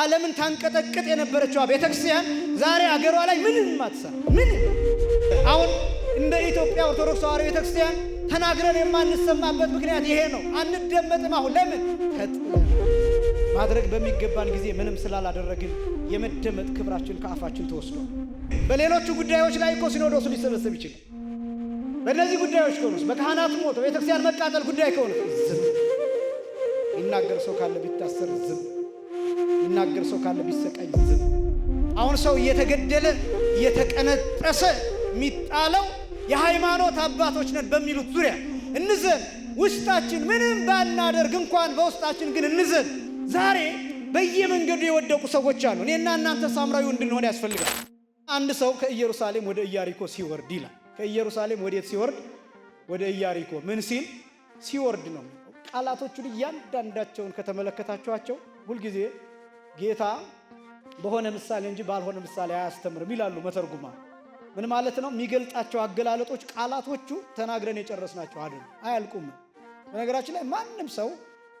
ዓለምን ታንቀጠቅጥ የነበረችዋ ቤተክርስቲያን ዛሬ አገሯ ላይ ምንም አትሰራ። ምን አሁን እንደ ኢትዮጵያ ኦርቶዶክስ ተዋሕዶ ቤተክርስቲያን ተናግረን የማንሰማበት ምክንያት ይሄ ነው። አንደመጥም። አሁን ለምን ማድረግ በሚገባን ጊዜ ምንም ስላላደረግን የመደመጥ ክብራችን ከአፋችን ተወስዶ በሌሎቹ ጉዳዮች ላይ እኮ ሲኖዶሱ ሊሰበሰብ ይችላል። በእነዚህ ጉዳዮች ከሆኑስ በካህናት ሞተ ቤተክርስቲያን መቃጠል ጉዳይ ከሆኑ ዝም ይናገር ሰው ካለ ቢታሰር ዝም የሚናገር ሰው ካለ ቢሰቃይ። አሁን ሰው እየተገደለ እየተቀነጠሰ የሚጣለው የሃይማኖት አባቶች ነን በሚሉት ዙሪያ እንዘን። ውስጣችን ምንም ባናደርግ እንኳን በውስጣችን ግን እንዘን። ዛሬ በየመንገዱ የወደቁ ሰዎች አሉ። እኔና እናንተ ሳምራዊ እንድንሆን ያስፈልጋል። አንድ ሰው ከኢየሩሳሌም ወደ ኢያሪኮ ሲወርድ ይላል። ከኢየሩሳሌም ወዴት ሲወርድ? ወደ ኢያሪኮ። ምን ሲል ሲወርድ ነው? ቃላቶቹን እያንዳንዳቸውን ከተመለከታችኋቸው ሁልጊዜ ጌታ በሆነ ምሳሌ እንጂ ባልሆነ ምሳሌ አያስተምርም ይላሉ መተርጉማ። ምን ማለት ነው? የሚገልጣቸው አገላለጦች፣ ቃላቶቹ ተናግረን የጨረስናቸው አይደል፣ አያልቁም። በነገራችን ላይ ማንም ሰው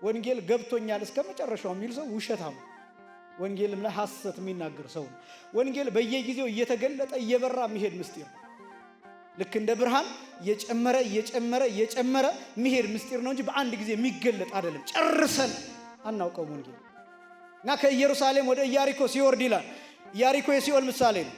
ወንጌል ገብቶኛል እስከ መጨረሻው የሚል ሰው ውሸታም፣ ወንጌልም ላይ ሐሰት የሚናገር ሰው። ወንጌል በየጊዜው እየተገለጠ እየበራ የሚሄድ ምስጢር ልክ እንደ ብርሃን እየጨመረ እየጨመረ እየጨመረ የሚሄድ ምስጢር ነው እንጂ በአንድ ጊዜ የሚገለጥ አይደለም። ጨርሰን አናውቀውም ወንጌል እና ከኢየሩሳሌም ወደ ኢያሪኮ ሲወርድ ይላል። ኢያሪኮ የሲኦል ምሳሌ ነው።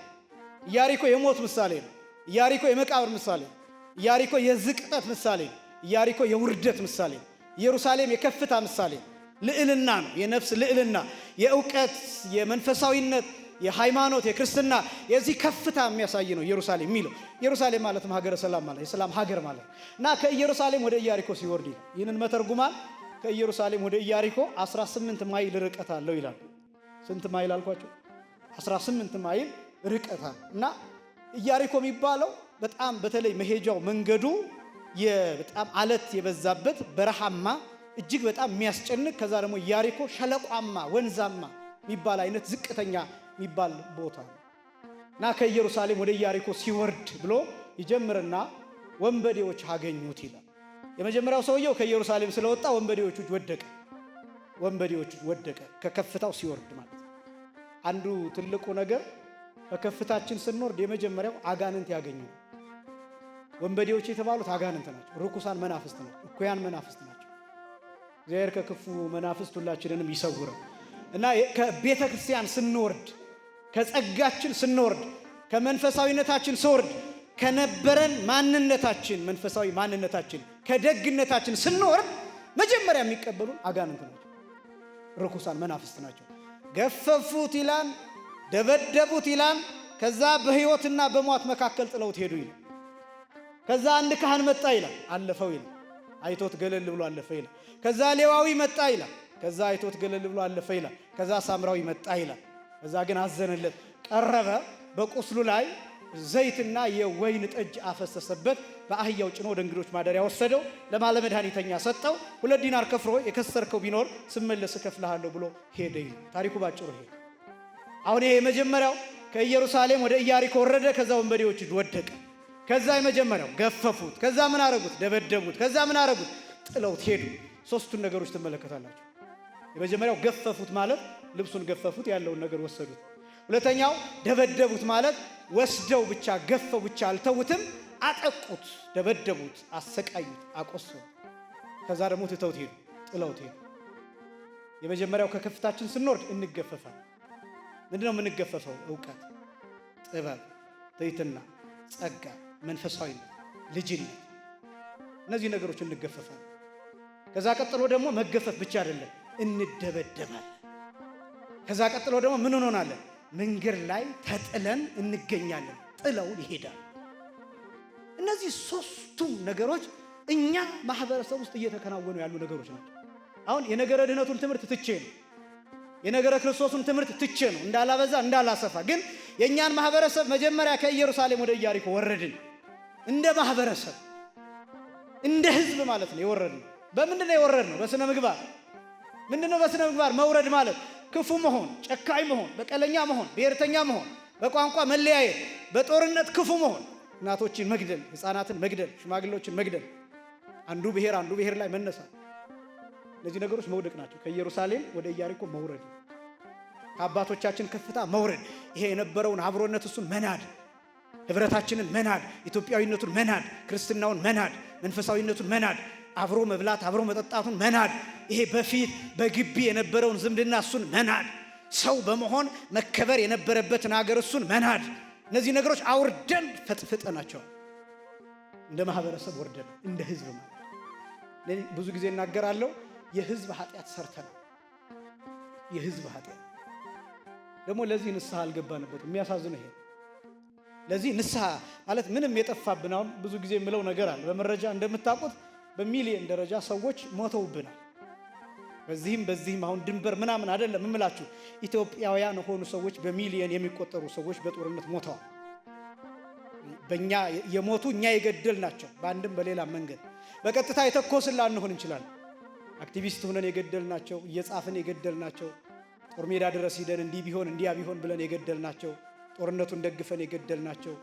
ኢያሪኮ የሞት ምሳሌ ነው። ኢያሪኮ የመቃብር ምሳሌ ነው። ኢያሪኮ የዝቅጠት ምሳሌ ነው። ኢያሪኮ የውርደት ምሳሌ ነው። ኢየሩሳሌም የከፍታ ምሳሌ ነው። ልዕልና ነው። የነፍስ ልዕልና፣ የእውቀት፣ የመንፈሳዊነት፣ የሃይማኖት፣ የክርስትና የዚህ ከፍታ የሚያሳይ ነው። ኢየሩሳሌም የሚለው ኢየሩሳሌም ማለትም ሀገረ ሰላም ማለት የሰላም ሀገር ማለት እና ከኢየሩሳሌም ወደ ኢያሪኮ ሲወርድ ይህንን መተርጉማል ከኢየሩሳሌም ወደ ኢያሪኮ 18 ማይል ርቀት አለው ይላል። ስንት ማይል አልኳቸው? 18 ማይል ርቀት አለ እና ኢያሪኮ የሚባለው በጣም በተለይ መሄጃው መንገዱ በጣም አለት የበዛበት በረሃማ፣ እጅግ በጣም የሚያስጨንቅ ከዛ ደግሞ ኢያሪኮ ሸለቋማ፣ ወንዛማ የሚባል አይነት ዝቅተኛ የሚባል ቦታ ነው እና ከኢየሩሳሌም ወደ ኢያሪኮ ሲወርድ ብሎ ይጀምርና ወንበዴዎች አገኙት ይላል። የመጀመሪያው ሰውየው ከኢየሩሳሌም ስለወጣ ወንበዴዎቹ ወደቀ፣ ወንበዴዎቹ ወደቀ። ከከፍታው ሲወርድ ማለት አንዱ ትልቁ ነገር በከፍታችን ስንወርድ የመጀመሪያው አጋንንት ያገኙ ወንበዴዎች የተባሉት አጋንንት ናቸው። ርኩሳን መናፍስት ናቸው። እኩያን መናፍስት ናቸው። እግዚአብሔር ከክፉ መናፍስት ሁላችንንም ይሰውረው እና ከቤተ ክርስቲያን ስንወርድ፣ ከጸጋችን ስንወርድ፣ ከመንፈሳዊነታችን ስወርድ ከነበረን ማንነታችን መንፈሳዊ ማንነታችን ከደግነታችን ስንወርድ መጀመሪያ የሚቀበሉን አጋንንት ናቸው፣ ርኩሳን መናፍስት ናቸው። ገፈፉት ይላል፣ ደበደቡት ይላል። ከዛ በህይወትና በሟት መካከል ጥለውት ሄዱ ይላል። ከዛ አንድ ካህን መጣ ይላል፣ አለፈው ይላል። አይቶት ገለል ብሎ አለፈ ይላል። ከዛ ሌዋዊ መጣ ይላል። ከዛ አይቶት ገለል ብሎ አለፈ ይላል። ከዛ ሳምራዊ መጣ ይላል። ከዛ ግን አዘነለት፣ ቀረበ በቁስሉ ላይ ዘይትና የወይን ጠጅ አፈሰሰበት። በአህያው ጭኖ ወደ እንግዶች ማደሪያ ወሰደው፣ ለባለመድኃኒተኛ ሰጠው። ሁለት ዲናር ከፍሮ የከሰርከው ቢኖር ስመለስ እከፍልሃለሁ ብሎ ሄደ። ታሪኩ ባጭሩ ሄ አሁን ይሄ የመጀመሪያው ከኢየሩሳሌም ወደ ኢያሪኮ ወረደ። ከዛ ወንበዴዎች ወደቀ። ከዛ የመጀመሪያው ገፈፉት። ከዛ ምን አረጉት? ደበደቡት። ከዛ ምን አረጉት? ጥለውት ሄዱ። ሶስቱን ነገሮች ትመለከታላችሁ። የመጀመሪያው ገፈፉት ማለት ልብሱን ገፈፉት፣ ያለውን ነገር ወሰዱት። ሁለተኛው ደበደቡት ማለት ወስደው ብቻ ገፈው ብቻ አልተውትም፣ አጠቁት፣ ደበደቡት፣ አሰቃዩት፣ አቆሱ። ከዛ ደግሞ ትተውት ሄዱ፣ ጥለውት ሄዱ። የመጀመሪያው ከከፍታችን ስንወርድ እንገፈፋል። ምንድን ነው የምንገፈፈው? እውቀት፣ ጥበብ፣ ትሕትና፣ ጸጋ፣ መንፈሳዊነት፣ ልጅነት፣ እነዚህ ነገሮች እንገፈፋል። ከዛ ቀጥሎ ደግሞ መገፈፍ ብቻ አይደለም፣ እንደበደባለን። ከዛ ቀጥሎ ደግሞ ምን እንሆናለን? መንገድ ላይ ተጥለን እንገኛለን። ጥለውን ይሄዳል። እነዚህ ሶስቱም ነገሮች እኛ ማህበረሰብ ውስጥ እየተከናወኑ ያሉ ነገሮች ናቸው። አሁን የነገረ ድህነቱን ትምህርት ትቼ ነው የነገረ ክርስቶስን ትምህርት ትቼ ነው እንዳላበዛ እንዳላሰፋ። ግን የእኛን ማህበረሰብ መጀመሪያ ከኢየሩሳሌም ወደ ኢያሪኮ ወረድን። እንደ ማህበረሰብ እንደ ህዝብ ማለት ነው የወረድነው። በምንድን ነው የወረድነው? በስነ ምግባር። ምንድን ነው በስነ ምግባር መውረድ ማለት? ክፉ መሆን፣ ጨካኝ መሆን፣ በቀለኛ መሆን፣ ብሔርተኛ መሆን፣ በቋንቋ መለያየት፣ በጦርነት ክፉ መሆን፣ እናቶችን መግደል፣ ሕፃናትን መግደል፣ ሽማግሌዎችን መግደል፣ አንዱ ብሔር አንዱ ብሔር ላይ መነሳት፣ እነዚህ ነገሮች መውደቅ ናቸው። ከኢየሩሳሌም ወደ ኢያሪኮ መውረድ፣ ከአባቶቻችን ከፍታ መውረድ፣ ይሄ የነበረውን አብሮነት እሱን መናድ፣ ህብረታችንን መናድ፣ ኢትዮጵያዊነቱን መናድ፣ ክርስትናውን መናድ፣ መንፈሳዊነቱን መናድ አብሮ መብላት አብሮ መጠጣቱን መናድ፣ ይሄ በፊት በግቢ የነበረውን ዝምድና እሱን መናድ፣ ሰው በመሆን መከበር የነበረበትን ሀገር እሱን መናድ። እነዚህ ነገሮች አውርደን ፈጥፍጠ ናቸው። እንደ ማህበረሰብ ወርደን እንደ ህዝብ ማለት ብዙ ጊዜ እናገራለሁ። የህዝብ ኃጢአት ሰርተናል። የህዝብ ኃጢአት ደግሞ ለዚህ ንስሐ አልገባንበትም። የሚያሳዝነው ይሄ ለዚህ ንስሐ ማለት ምንም የጠፋብን አሁን ብዙ ጊዜ የምለው ነገር አለ በመረጃ እንደምታውቁት በሚሊየን ደረጃ ሰዎች ሞተውብናል። በዚህም በዚህም አሁን ድንበር ምናምን አይደለም እምላችሁ ኢትዮጵያውያን የሆኑ ሰዎች በሚሊየን የሚቆጠሩ ሰዎች በጦርነት ሞተዋል። በእኛ የሞቱ እኛ የገደል ናቸው። በአንድም በሌላ መንገድ በቀጥታ የተኮስን ላንሆን እንችላለን። አክቲቪስት ሆነን የገደል ናቸው፣ እየጻፍን የገደል ናቸው፣ ጦር ሜዳ ድረስ ሂደን እንዲህ ቢሆን እንዲያ ቢሆን ብለን የገደል ናቸው፣ ጦርነቱን ደግፈን የገደል ናቸው።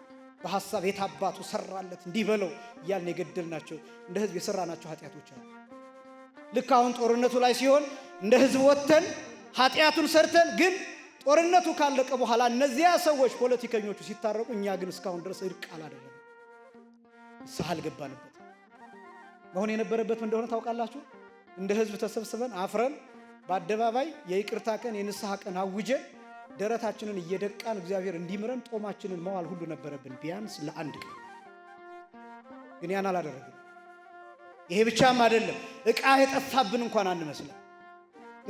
በሐሳብ የታባቱ ሰራለት እንዲህ በለው እያልን የገደልናቸው እንደ ህዝብ የሰራናቸው ኃጢአቶች አሉ። ልክ አሁን ጦርነቱ ላይ ሲሆን እንደ ህዝብ ወጥተን ኃጢአቱን ሰርተን ግን ጦርነቱ ካለቀ በኋላ እነዚያ ሰዎች ፖለቲከኞቹ ሲታረቁ፣ እኛ ግን እስካሁን ድረስ እርቅ አላደለም ንስሐ አልገባንበት መሆን የነበረበት እንደሆነ ታውቃላችሁ። እንደ ህዝብ ተሰብስበን አፍረን በአደባባይ የይቅርታ ቀን የንስሐ ቀን አውጀን ደረታችንን እየደቃን እግዚአብሔር እንዲምረን ጦማችንን መዋል ሁሉ ነበረብን፣ ቢያንስ ለአንድ ቀን። ግን ያን አላደረግም። ይሄ ብቻም አይደለም፣ እቃ የጠፋብን እንኳን አንመስልም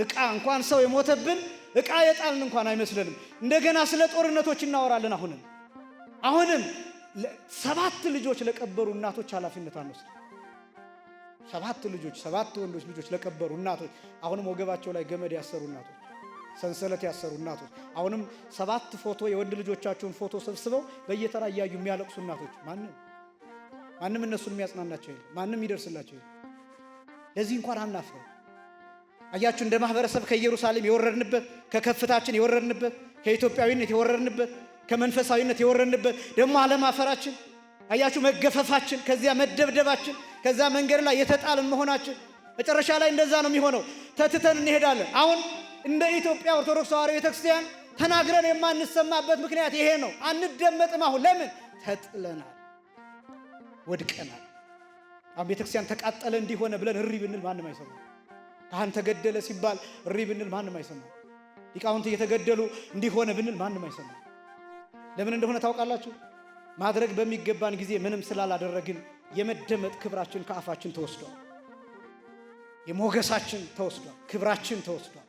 እቃ እንኳን ሰው የሞተብን እቃ የጣልን እንኳን አይመስለንም። እንደገና ስለ ጦርነቶች እናወራለን። አሁንም አሁንም ሰባት ልጆች ለቀበሩ እናቶች ኃላፊነት አንወስድ። ሰባት ልጆች ሰባት ወንዶች ልጆች ለቀበሩ እናቶች አሁንም ወገባቸው ላይ ገመድ ያሰሩ እናቶች ሰንሰለት ያሰሩ እናቶች፣ አሁንም ሰባት ፎቶ የወንድ ልጆቻቸውን ፎቶ ሰብስበው በየተራ እያዩ የሚያለቅሱ እናቶች ማንም ማንም እነሱን የሚያጽናናቸው የለም። ማንም ይደርስላቸው የለም። ለዚህ እንኳን አናፍረው። አያችሁ እንደ ማህበረሰብ ከኢየሩሳሌም የወረድንበት፣ ከከፍታችን የወረድንበት፣ ከኢትዮጵያዊነት የወረድንበት፣ ከመንፈሳዊነት የወረድንበት ደግሞ አለማፈራችን አያችሁ መገፈፋችን፣ ከዚያ መደብደባችን፣ ከዛ መንገድ ላይ የተጣልን መሆናችን መጨረሻ ላይ እንደዛ ነው የሚሆነው። ተትተን እንሄዳለን አሁን እንደ ኢትዮጵያ ኦርቶዶክስ ተዋሕዶ ቤተክርስቲያን ተናግረን የማንሰማበት ምክንያት ይሄ ነው። አንደመጥም። አሁን ለምን ተጥለናል፣ ወድቀናል። አሁን ቤተክርስቲያን ተቃጠለ እንዲሆነ ብለን እሪ ብንል ማንም አይሰማ። ካህን ተገደለ ሲባል እሪ ብንል ማንም አይሰማ። ሊቃውንት እየተገደሉ እንዲሆነ ብንል ማንም አይሰማ። ለምን እንደሆነ ታውቃላችሁ? ማድረግ በሚገባን ጊዜ ምንም ስላላደረግን የመደመጥ ክብራችን ከአፋችን ተወስዷል። የሞገሳችን ተወስዷል። ክብራችን ተወስዷል።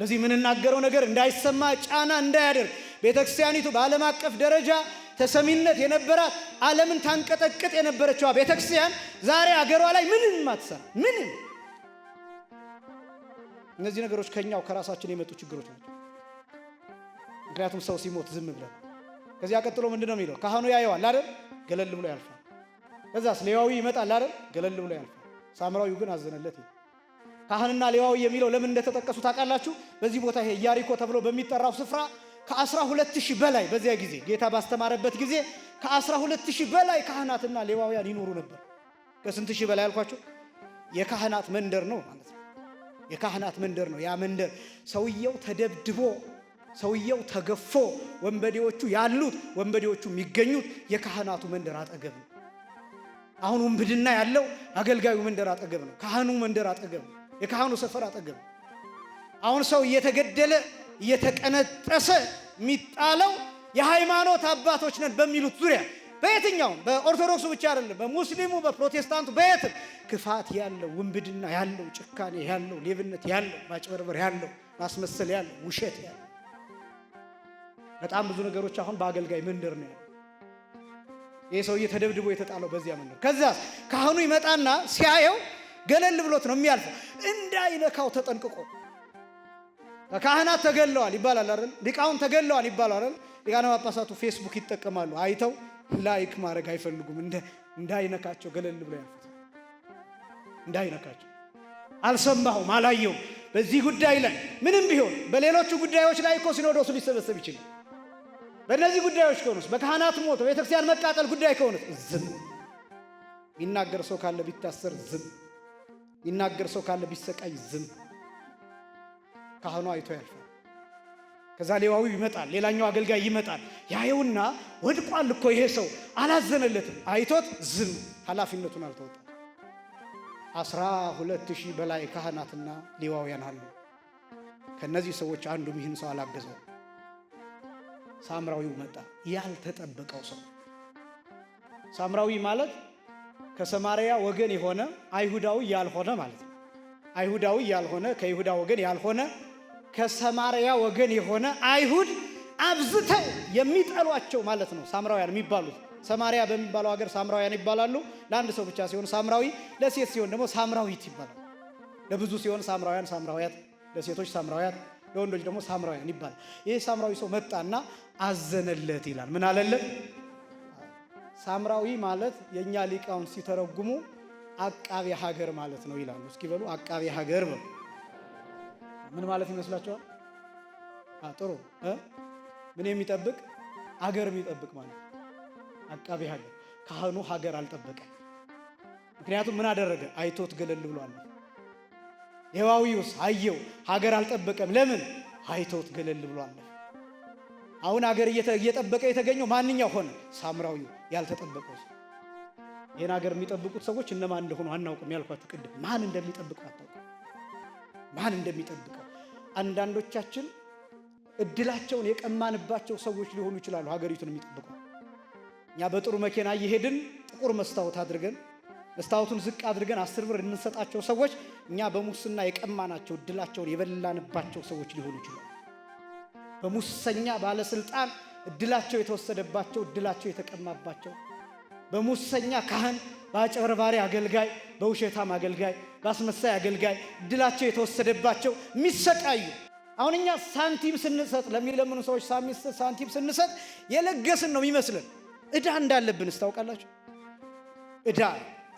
ለዚህ የምንናገረው ነገር እንዳይሰማ ጫና እንዳያደርግ ቤተ ክርስቲያኒቱ በዓለም አቀፍ ደረጃ ተሰሚነት የነበራት ዓለምን ታንቀጠቅጥ የነበረችዋ ቤተ ክርስቲያን ዛሬ አገሯ ላይ ምንም አትሰራ። ምንም እነዚህ ነገሮች ከኛው ከራሳችን የመጡ ችግሮች ናቸው። ምክንያቱም ሰው ሲሞት ዝም ብለን ከዚያ ቀጥሎ ምንድን ነው የሚለው? ካህኑ ያየዋል አይደል? ገለል ብሎ ያልፋል። ከዛስ ሌዋዊ ይመጣል አይደል? ገለል ብሎ ያልፋል። ሳምራዊው ግን አዘነለት። ካህንና ሌዋዊ የሚለው ለምን እንደተጠቀሱ ታውቃላችሁ? በዚህ ቦታ ይሄ ኢያሪኮ ተብሎ በሚጠራው ስፍራ ከአስራ ሁለት ሺህ በላይ በዚያ ጊዜ ጌታ ባስተማረበት ጊዜ ከአስራ ሁለት ሺህ በላይ ካህናትና ሌዋውያን ይኖሩ ነበር። ከስንት ሺህ በላይ አልኳቸው? የካህናት መንደር ነው ማለት ነው። የካህናት መንደር ነው ያ መንደር። ሰውየው ተደብድቦ፣ ሰውየው ተገፎ፣ ወንበዴዎቹ ያሉት ወንበዴዎቹ የሚገኙት የካህናቱ መንደር አጠገብ ነው። አሁን ውንብድና ያለው አገልጋዩ መንደር አጠገብ ነው። ካህኑ መንደር አጠገብ ነው። የካህኑ ሰፈር አጠገብ። አሁን ሰው እየተገደለ እየተቀነጠሰ የሚጣለው የሃይማኖት አባቶች ነን በሚሉት ዙሪያ በየትኛውም በኦርቶዶክሱ ብቻ አይደለም፣ በሙስሊሙ፣ በፕሮቴስታንቱ በየትም ክፋት ያለው ውንብድና ያለው ጭካኔ ያለው ሌብነት ያለው ማጭበርበር ያለው ማስመሰል ያለው ውሸት ያለው በጣም ብዙ ነገሮች አሁን በአገልጋይ መንደር ነው ያለው። ይህ ሰውዬ ተደብድቦ የተጣለው በዚያ መንደር። ከዚያ ካህኑ ይመጣና ሲያየው ገለል ብሎት ነው የሚያልፈው፣ እንዳይነካው ተጠንቅቆ። ካህናት ተገለዋል ይባላል አይደል? ሊቃውን ተገለዋል ይባላል አይደል? ሊቃነ ጳጳሳቱ ፌስቡክ ይጠቀማሉ። አይተው ላይክ ማድረግ አይፈልጉም። እንዳይነካቸው ገለል ብሎ ያልፉት፣ እንዳይነካቸው። አልሰማሁም፣ አላየሁም። በዚህ ጉዳይ ላይ ምንም ቢሆን በሌሎቹ ጉዳዮች ላይ እኮ ሲኖዶሱ ሊሰበሰብ ይችላል። በእነዚህ ጉዳዮች ከሆኑስ በካህናት ሞት፣ በቤተክርስቲያን መቃጠል ጉዳይ ከሆኑስ ዝም ይናገር ሰው ካለ ቢታሰር ዝም ይናገር ሰው ካለ ቢሰቃይ ዝም። ካህኑ አይቶ ያልፋል። ከዛ ሌዋዊ ይመጣል፣ ሌላኛው አገልጋይ ይመጣል። ያየውና ወድቋል እኮ ይሄ ሰው አላዘነለትም። አይቶት ዝም፣ ኃላፊነቱን አልተወጣ። አስራ ሁለት ሺህ በላይ ካህናትና ሌዋውያን አሉ። ከእነዚህ ሰዎች አንዱም ይህን ሰው አላገዘው። ሳምራዊው መጣ፣ ያልተጠበቀው ሰው። ሳምራዊ ማለት ከሰማርያ ወገን የሆነ አይሁዳዊ ያልሆነ ማለት ነው። አይሁዳዊ ያልሆነ ከይሁዳ ወገን ያልሆነ ከሰማርያ ወገን የሆነ አይሁድ አብዝተው የሚጠሏቸው ማለት ነው ሳምራውያን የሚባሉት ሰማርያ በሚባለው ሀገር ሳምራውያን ይባላሉ። ለአንድ ሰው ብቻ ሲሆን ሳምራዊ፣ ለሴት ሲሆን ደግሞ ሳምራዊት ይባላል። ለብዙ ሲሆን ሳምራውያን፣ ሳምራውያት፣ ለሴቶች ሳምራውያት፣ ለወንዶች ደግሞ ሳምራውያን ይባላል። ይህ ሳምራዊ ሰው መጣና አዘነለት ይላል። ምን አለለት? ሳምራዊ ማለት የእኛ ሊቃውን ሲተረጉሙ አቃቤ ሀገር ማለት ነው ይላሉ። እስኪ በሉ አቃቤ ሀገር በሉ። ምን ማለት ይመስላችኋል? ጥሩ ምን የሚጠብቅ አገር የሚጠብቅ ማለት አቃቤ ሀገር ካህኑ ሀገር አልጠበቀም። ምክንያቱም ምን አደረገ? አይቶት ገለል ብሏል። ሌዋዊውስ አየው ሀገር አልጠበቀም። ለምን? አይቶት ገለል ብሏል። አሁን አገር እየጠበቀ የተገኘው ማንኛው ሆነ? ሳምራዊ ያልተጠበቀው ሰው። ይህን አገር የሚጠብቁት ሰዎች እነማን እንደሆኑ አናውቅም። ያልኳችሁ ቅድም ማን እንደሚጠብቀው አታውቅም። ማን እንደሚጠብቀው አንዳንዶቻችን እድላቸውን የቀማንባቸው ሰዎች ሊሆኑ ይችላሉ። ሀገሪቱን የሚጠብቁ እኛ በጥሩ መኪና እየሄድን ጥቁር መስታወት አድርገን መስታወቱን ዝቅ አድርገን አስር ብር የምንሰጣቸው ሰዎች እኛ በሙስና የቀማናቸው እድላቸውን የበላንባቸው ሰዎች ሊሆኑ ይችላሉ። በሙሰኛ ባለስልጣን እድላቸው የተወሰደባቸው እድላቸው የተቀማባቸው በሙሰኛ ካህን በአጭበርባሪ አገልጋይ በውሸታም አገልጋይ በአስመሳይ አገልጋይ እድላቸው የተወሰደባቸው የሚሰቃዩ አሁን እኛ ሳንቲም ስንሰጥ ለሚለምኑ ሰዎች ሳንቲም ስንሰጥ የለገስን ነው የሚመስለን እዳ እንዳለብን እስታውቃላችሁ እዳ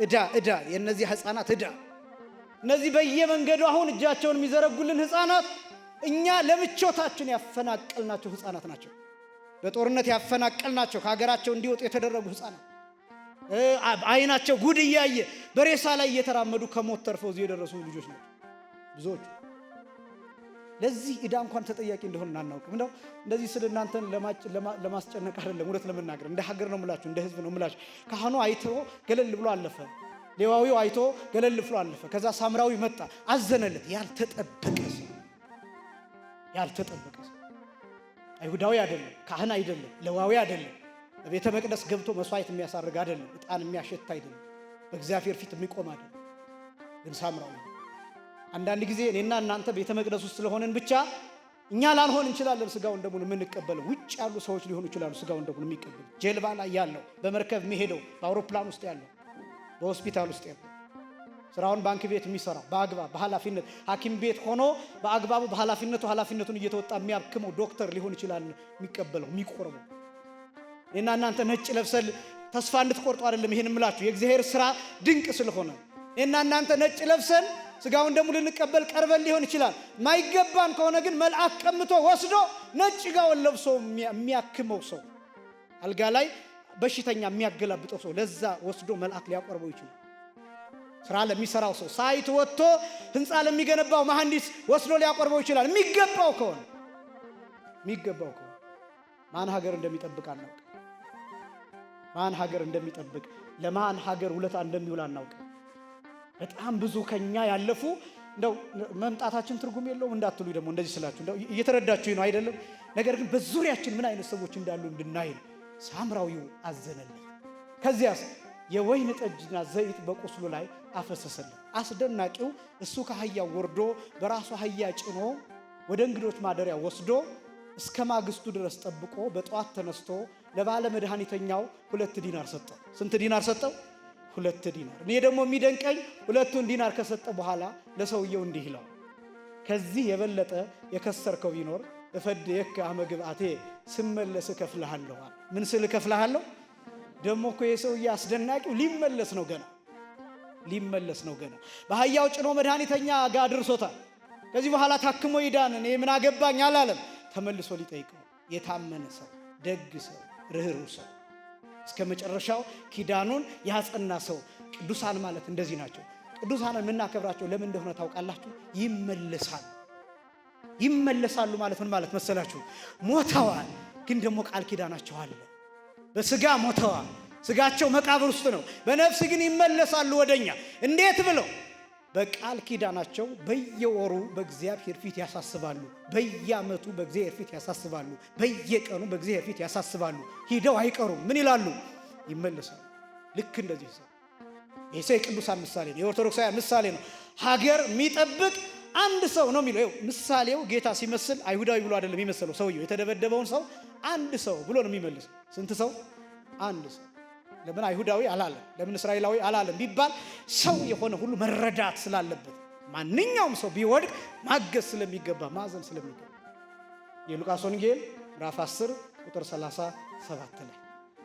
እዳ እዳ የእነዚህ ህፃናት እዳ እነዚህ በየመንገዱ አሁን እጃቸውን የሚዘረጉልን ህፃናት እኛ ለምቾታችን ያፈናቀልናቸው ህፃናት ናቸው። በጦርነት ያፈናቀልናቸው ከሀገራቸው እንዲወጡ የተደረጉ ህፃናት አይናቸው ጉድ እያየ በሬሳ ላይ እየተራመዱ ከሞት ተርፈው እዚህ የደረሱ ልጆች ናቸው ብዙዎቹ። ለዚህ ዕዳ እንኳን ተጠያቂ እንደሆን እናናውቅም። እንደው እንደዚህ ስል እናንተን ለማስጨነቅ አይደለም፣ እውነት ለመናገር እንደ ሀገር ነው ምላችሁ፣ እንደ ህዝብ ነው ምላችሁ። ካህኑ አይቶ ገለል ብሎ አለፈ። ሌዋዊው አይቶ ገለል ብሎ አለፈ። ከዛ ሳምራዊ መጣ አዘነለት። ያልተጠበቀ ሰው ያልተጠበቀ ሰው አይሁዳዊ አይደለም፣ ካህን አይደለም፣ ለዋዊ አይደለም፣ በቤተ መቅደስ ገብቶ መስዋዕት የሚያሳርግ አይደለም፣ ዕጣን የሚያሸት አይደለም፣ በእግዚአብሔር ፊት የሚቆም አይደለም። ግን ሳምራዊ አንዳንድ ጊዜ እኔና እናንተ ቤተ መቅደስ ውስጥ ስለሆነን ብቻ እኛ ላንሆን እንችላለን ስጋውን ደሙን የምንቀበለው። ውጭ ያሉ ሰዎች ሊሆኑ ይችላሉ ስጋውን ደሙን የሚቀበሉ ጀልባ ላይ ያለው፣ በመርከብ የሚሄደው፣ በአውሮፕላን ውስጥ ያለው፣ በሆስፒታል ውስጥ ያለው ስራውን ባንክ ቤት የሚሰራው በአግባብ በኃላፊነት ሐኪም ቤት ሆኖ በአግባቡ በኃላፊነቱ ኃላፊነቱን እየተወጣ የሚያክመው ዶክተር ሊሆን ይችላል የሚቀበለው የሚቆርበው። እና እናንተ ነጭ ለብሰን ተስፋ እንድትቆርጡ አይደለም ይሄን እምላችሁ፣ የእግዚአብሔር ስራ ድንቅ ስለሆነ እና እናንተ ነጭ ለብሰን ስጋውን ደግሞ ልንቀበል ቀርበን ሊሆን ይችላል። ማይገባን ከሆነ ግን መልአክ ቀምቶ ወስዶ ነጭ ጋውን ለብሶ የሚያክመው ሰው አልጋ ላይ በሽተኛ የሚያገላብጠው ሰው ለዛ ወስዶ መልአክ ሊያቆርበው ይችላል። ስራ ለሚሰራው ሰው ሳይት ወጥቶ ህንፃ ለሚገነባው መሐንዲስ ወስዶ ሊያቆርበው ይችላል። የሚገባው ከሆነ የሚገባው ከሆነ ማን ሀገር እንደሚጠብቅ አናውቅ። ማን ሀገር እንደሚጠብቅ ለማን ሀገር ውለታ እንደሚውል አናውቅ። በጣም ብዙ ከኛ ያለፉ እንደው መምጣታችን ትርጉም የለውም እንዳትሉ ደግሞ እንደዚህ ስላችሁ እየተረዳችሁ ነው አይደለም። ነገር ግን በዙሪያችን ምን አይነት ሰዎች እንዳሉ እንድናይ ሳምራዊው አዘነለት። ከዚያስ የወይን ጠጅና ዘይት በቁስሉ ላይ አፈሰሰልን። አስደናቂው እሱ ከአህያ ወርዶ በራሱ አህያ ጭኖ ወደ እንግዶች ማደሪያ ወስዶ እስከ ማግስቱ ድረስ ጠብቆ በጠዋት ተነስቶ ለባለ መድኃኒተኛው ሁለት ዲናር ሰጠው። ስንት ዲናር ሰጠው? ሁለት ዲናር። እኔ ደግሞ የሚደንቀኝ ሁለቱን ዲናር ከሰጠ በኋላ ለሰውየው እንዲህ ይለው፣ ከዚህ የበለጠ የከሰርከው ቢኖር እፈድ የከ አመግብአቴ ስመለስ እከፍልሃለሁ። ምን ስል እከፍልሃለሁ? ደግሞ እኮ የሰውዬ አስደናቂው ሊመለስ ነው ገና ሊመለስ ነው ገና። በአህያው ጭኖ መድኃኒተኛ ጋር አድርሶታል። ከዚህ በኋላ ታክሞ ይዳን እኔ ምን አገባኝ አላለም። ተመልሶ ሊጠይቀው የታመነ ሰው፣ ደግ ሰው፣ ርኅሩ ሰው፣ እስከ መጨረሻው ኪዳኑን ያጸና ሰው። ቅዱሳን ማለት እንደዚህ ናቸው። ቅዱሳንን የምናከብራቸው ለምን እንደሆነ ታውቃላችሁ? ይመለሳሉ። ይመለሳሉ ማለት ምን ማለት መሰላችሁ? ሞተዋል፣ ግን ደግሞ ቃል ኪዳናቸው አለ። በስጋ ሞተዋል ስጋቸው መቃብር ውስጥ ነው፣ በነፍስ ግን ይመለሳሉ ወደኛ። እንዴት ብለው? በቃል ኪዳናቸው በየወሩ በእግዚአብሔር ፊት ያሳስባሉ፣ በየዓመቱ በእግዚአብሔር ፊት ያሳስባሉ፣ በየቀኑ በእግዚአብሔር ፊት ያሳስባሉ። ሂደው አይቀሩም። ምን ይላሉ? ይመለሳሉ። ልክ እንደዚህ ሰው ይሄ ሰው የቅዱሳን ምሳሌ ነው፣ የኦርቶዶክሳውያን ምሳሌ ነው። ሀገር የሚጠብቅ አንድ ሰው ነው የሚለው ምሳሌው። ጌታ ሲመስል አይሁዳዊ ብሎ አይደለም የሚመስለው። ሰውየው የተደበደበውን ሰው አንድ ሰው ብሎ ነው የሚመልሰው። ስንት ሰው? አንድ ሰው ለምን አይሁዳዊ አላለም? ለምን እስራኤላዊ አላለም ቢባል ሰው የሆነ ሁሉ መረዳት ስላለበት ማንኛውም ሰው ቢወድቅ ማገዝ ስለሚገባ ማዘን ስለሚገባ የሉቃስ ወንጌል ምዕራፍ 10 ቁጥር 37 ላይ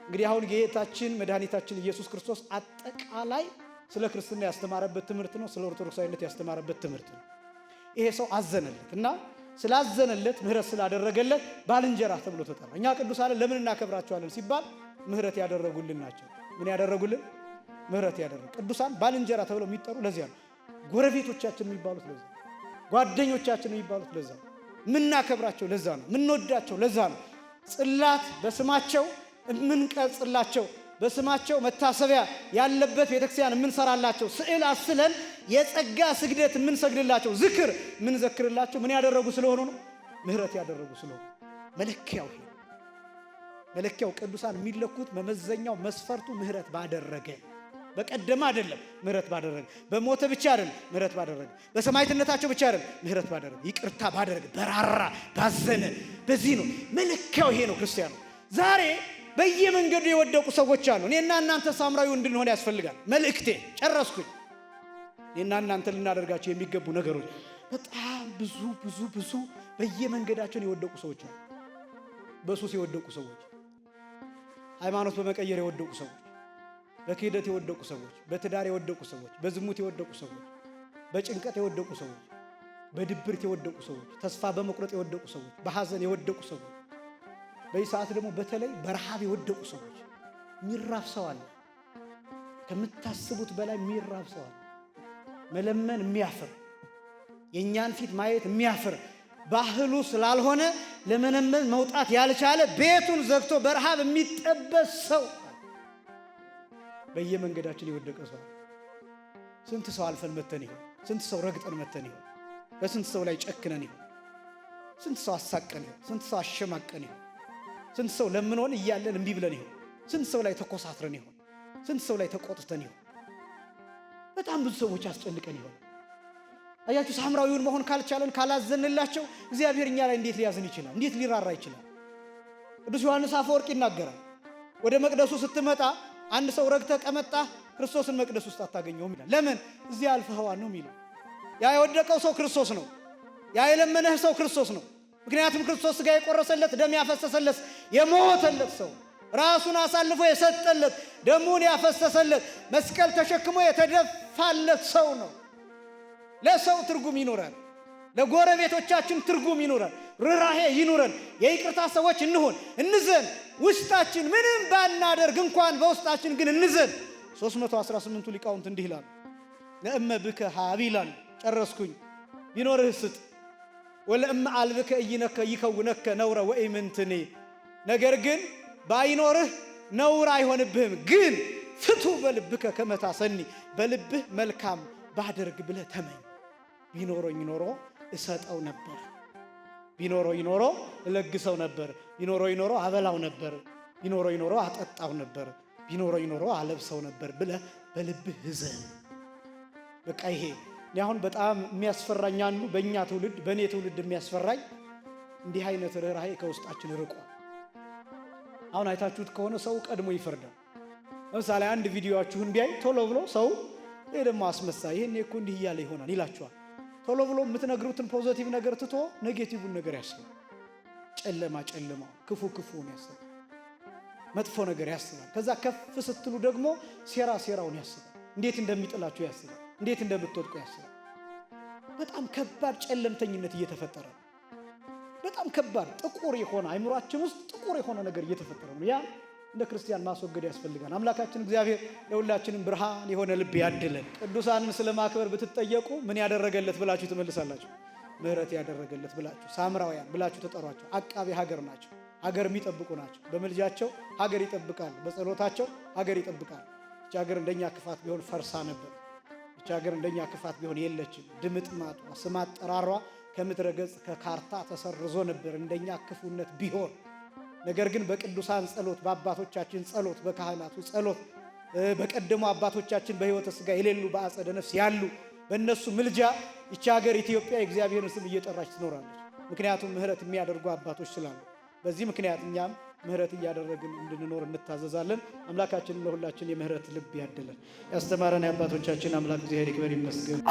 እንግዲህ አሁን ጌታችን መድኃኒታችን ኢየሱስ ክርስቶስ አጠቃላይ ስለ ክርስትና ያስተማረበት ትምህርት ነው። ስለ ኦርቶዶክሳዊነት ያስተማረበት ትምህርት ነው። ይሄ ሰው አዘነለት እና ስላዘነለት ምሕረት ስላደረገለት ባልንጀራ ተብሎ ተጠራ። እኛ ቅዱሳንን ለምን እናከብራቸዋለን ሲባል ምህረት ያደረጉልን ናቸው። ምን ያደረጉልን? ምህረት ያደረጉ ቅዱሳን ባልንጀራ ተብለው የሚጠሩ ለዚያ ነው። ጎረቤቶቻችን የሚባሉት ለዛ፣ ጓደኞቻችን የሚባሉት ለዛ ነው። ምናከብራቸው ለዛ ነው። ምንወዳቸው ለዛ ነው። ጽላት በስማቸው የምንቀርጽላቸው በስማቸው መታሰቢያ ያለበት ቤተክርስቲያን የምንሰራላቸው ስዕል አስለን የጸጋ ስግደት የምንሰግድላቸው ዝክር የምንዘክርላቸው ምን ያደረጉ ስለሆኑ ነው? ምህረት ያደረጉ ስለሆኑ መለኪያው መለኪያው ቅዱሳን የሚለኩት መመዘኛው መስፈርቱ ምህረት ባደረገ በቀደመ አይደለም፣ ምህረት ባደረገ በሞተ ብቻ አይደለም፣ ምህረት ባደረገ በሰማይትነታቸው ብቻ አይደለም፣ ምህረት ባደረገ ይቅርታ ባደረገ በራራ ባዘነ። በዚህ ነው መለኪያው፣ ይሄ ነው ክርስቲያኑ። ዛሬ በየመንገዱ የወደቁ ሰዎች አሉ። እኔና እናንተ ሳምራዊ እንድንሆን ያስፈልጋል። መልእክቴ ጨረስኩኝ። እኔና እናንተ ልናደርጋቸው የሚገቡ ነገሮች በጣም ብዙ ብዙ ብዙ በየመንገዳቸውን የወደቁ ሰዎች አሉ። በሱስ የወደቁ ሰዎች ሃይማኖት በመቀየር የወደቁ ሰዎች፣ በክህደት የወደቁ ሰዎች፣ በትዳር የወደቁ ሰዎች፣ በዝሙት የወደቁ ሰዎች፣ በጭንቀት የወደቁ ሰዎች፣ በድብርት የወደቁ ሰዎች፣ ተስፋ በመቁረጥ የወደቁ ሰዎች፣ በሐዘን የወደቁ ሰዎች፣ በዚህ ሰዓት ደግሞ በተለይ በረሃብ የወደቁ ሰዎች ሚራብሰዋል ሰው አለ። ከምታስቡት በላይ ሚራብሰዋል ሰው አለ። መለመን የሚያፍር የእኛን ፊት ማየት የሚያፍር ባህሉ ስላልሆነ ለመነመን መውጣት ያልቻለ ቤቱን ዘግቶ በረሃብ የሚጠበስ ሰው በየመንገዳችን የወደቀ ሰው ስንት ሰው አልፈን መተን ይሆን? ስንት ሰው ረግጠን መተን ይሆን? በስንት ሰው ላይ ጨክነን ይሆን? ስንት ሰው አሳቀን ይሆን? ስንት ሰው አሸማቀን ይሆን? ስንት ሰው ለምንሆን እያለን እምቢ ብለን ይሆን? ስንት ሰው ላይ ተኮሳትረን ይሆን? ስንት ሰው ላይ ተቆጥተን ይሆን? በጣም ብዙ ሰዎች አስጨንቀን ይሆን? አያችሁ፣ ሳምራዊውን መሆን ካልቻለን ካላዘንላቸው እግዚአብሔር እኛ ላይ እንዴት ሊያዝን ይችላል? እንዴት ሊራራ ይችላል? ቅዱስ ዮሐንስ አፈወርቅ ይናገራል። ወደ መቅደሱ ስትመጣ አንድ ሰው ረግተ ቀመጣ ክርስቶስን መቅደስ ውስጥ አታገኘውም ይላል። ለምን? እዚህ አልፈኸዋል ነው የሚለው። ያ የወደቀው ሰው ክርስቶስ ነው። ያ የለመነህ ሰው ክርስቶስ ነው። ምክንያቱም ክርስቶስ ሥጋ የቆረሰለት ደም ያፈሰሰለት የሞተለት ሰው ራሱን አሳልፎ የሰጠለት ደሙን ያፈሰሰለት መስቀል ተሸክሞ የተደፋለት ሰው ነው። ለሰው ትርጉም ይኑረን፣ ለጎረቤቶቻችን ትርጉም ይኑረን፣ ርኅራሄ ይኑረን፣ የይቅርታ ሰዎች እንሁን፣ እንዘን። ውስጣችን ምንም ባናደርግ እንኳን በውስጣችን ግን እንዘን። 318ቱ ሊቃውንት እንዲህ ይላል፣ ለእመ ብከ ሀብ ይላል። ጨረስኩኝ። ቢኖርህ ስጥ፣ ወለእመ አልብከ እይነከ ይከውነከ ነውረ ወኢምንትኔ። ነገር ግን ባይኖርህ ነውር አይሆንብህም፣ ግን ፍቱ በልብከ ከመታሰኒ፣ በልብህ መልካም ባደርግ ብለህ ተመኝ። ቢኖሮ ኖሮ እሰጠው ነበር፣ ቢኖሮ ኖሮ እለግሰው ነበር፣ ቢኖረኝ ኖሮ አበላው ነበር፣ ቢኖረኝ ኖሮ አጠጣው ነበር፣ ቢኖረኝ ኖሮ አለብሰው ነበር ብለህ በልብህ ህዘን በቃ ይሄ እኔ አሁን በጣም የሚያስፈራኝ አንዱ በእኛ ትውልድ በእኔ ትውልድ የሚያስፈራኝ እንዲህ አይነት ርኅራሄ ከውስጣችን ርቆ አሁን አይታችሁት ከሆነ ሰው ቀድሞ ይፈርዳል። ለምሳሌ አንድ ቪዲዮችሁን ቢያይ ቶሎ ብሎ ሰው ይሄ ደግሞ አስመሳይ ይሄኔ እኮ እንዲህ እያለ ይሆናል ይላችኋል። ቶሎ ብሎ የምትነግሩትን ፖዘቲቭ ነገር ትቶ ኔጌቲቭን ነገር ያስባል። ጨለማ ጨለማ፣ ክፉ ክፉን ያስባል። መጥፎ ነገር ያስባል። ከዛ ከፍ ስትሉ ደግሞ ሴራ ሴራውን ያስባል። እንዴት እንደሚጥላችሁ ያስባል። እንዴት እንደምትወድቁ ያስባል። በጣም ከባድ ጨለምተኝነት እየተፈጠረ ነው። በጣም ከባድ ጥቁር የሆነ አይምሯችን ውስጥ ጥቁር የሆነ ነገር እየተፈጠረ ነው ያ እንደ ክርስቲያን ማስወገድ ያስፈልጋል። አምላካችን እግዚአብሔር ለሁላችንም ብርሃን የሆነ ልብ ያድለን። ቅዱሳንን ስለ ማክበር ብትጠየቁ ምን ያደረገለት ብላችሁ ትመልሳላችሁ? ምሕረት ያደረገለት ብላችሁ ሳምራውያን ብላችሁ ተጠሯቸው። አቃቤ ሀገር ናቸው። ሀገር የሚጠብቁ ናቸው። በምልጃቸው ሀገር ይጠብቃል። በጸሎታቸው ሀገር ይጠብቃል። ይቺ ሀገር እንደኛ ክፋት ቢሆን ፈርሳ ነበር። ይቺ ሀገር እንደኛ ክፋት ቢሆን የለችም። ድምጥማጧ፣ ስም አጠራሯ ከምድረ ገጽ ከካርታ ተሰርዞ ነበር እንደኛ ክፉነት ቢሆን ነገር ግን በቅዱሳን ጸሎት፣ በአባቶቻችን ጸሎት፣ በካህናቱ ጸሎት፣ በቀደሙ አባቶቻችን በሕይወተ ሥጋ የሌሉ በአጸደ ነፍስ ያሉ በእነሱ ምልጃ ይቺ ሀገር ኢትዮጵያ የእግዚአብሔርን ስም እየጠራች ትኖራለች። ምክንያቱም ምሕረት የሚያደርጉ አባቶች ስላሉ፣ በዚህ ምክንያት እኛም ምሕረት እያደረግን እንድንኖር እንታዘዛለን። አምላካችን ለሁላችን የምሕረት ልብ ያደለን። ያስተማረን የአባቶቻችን አምላክ እግዚአብሔር ይክበር ይመስገን።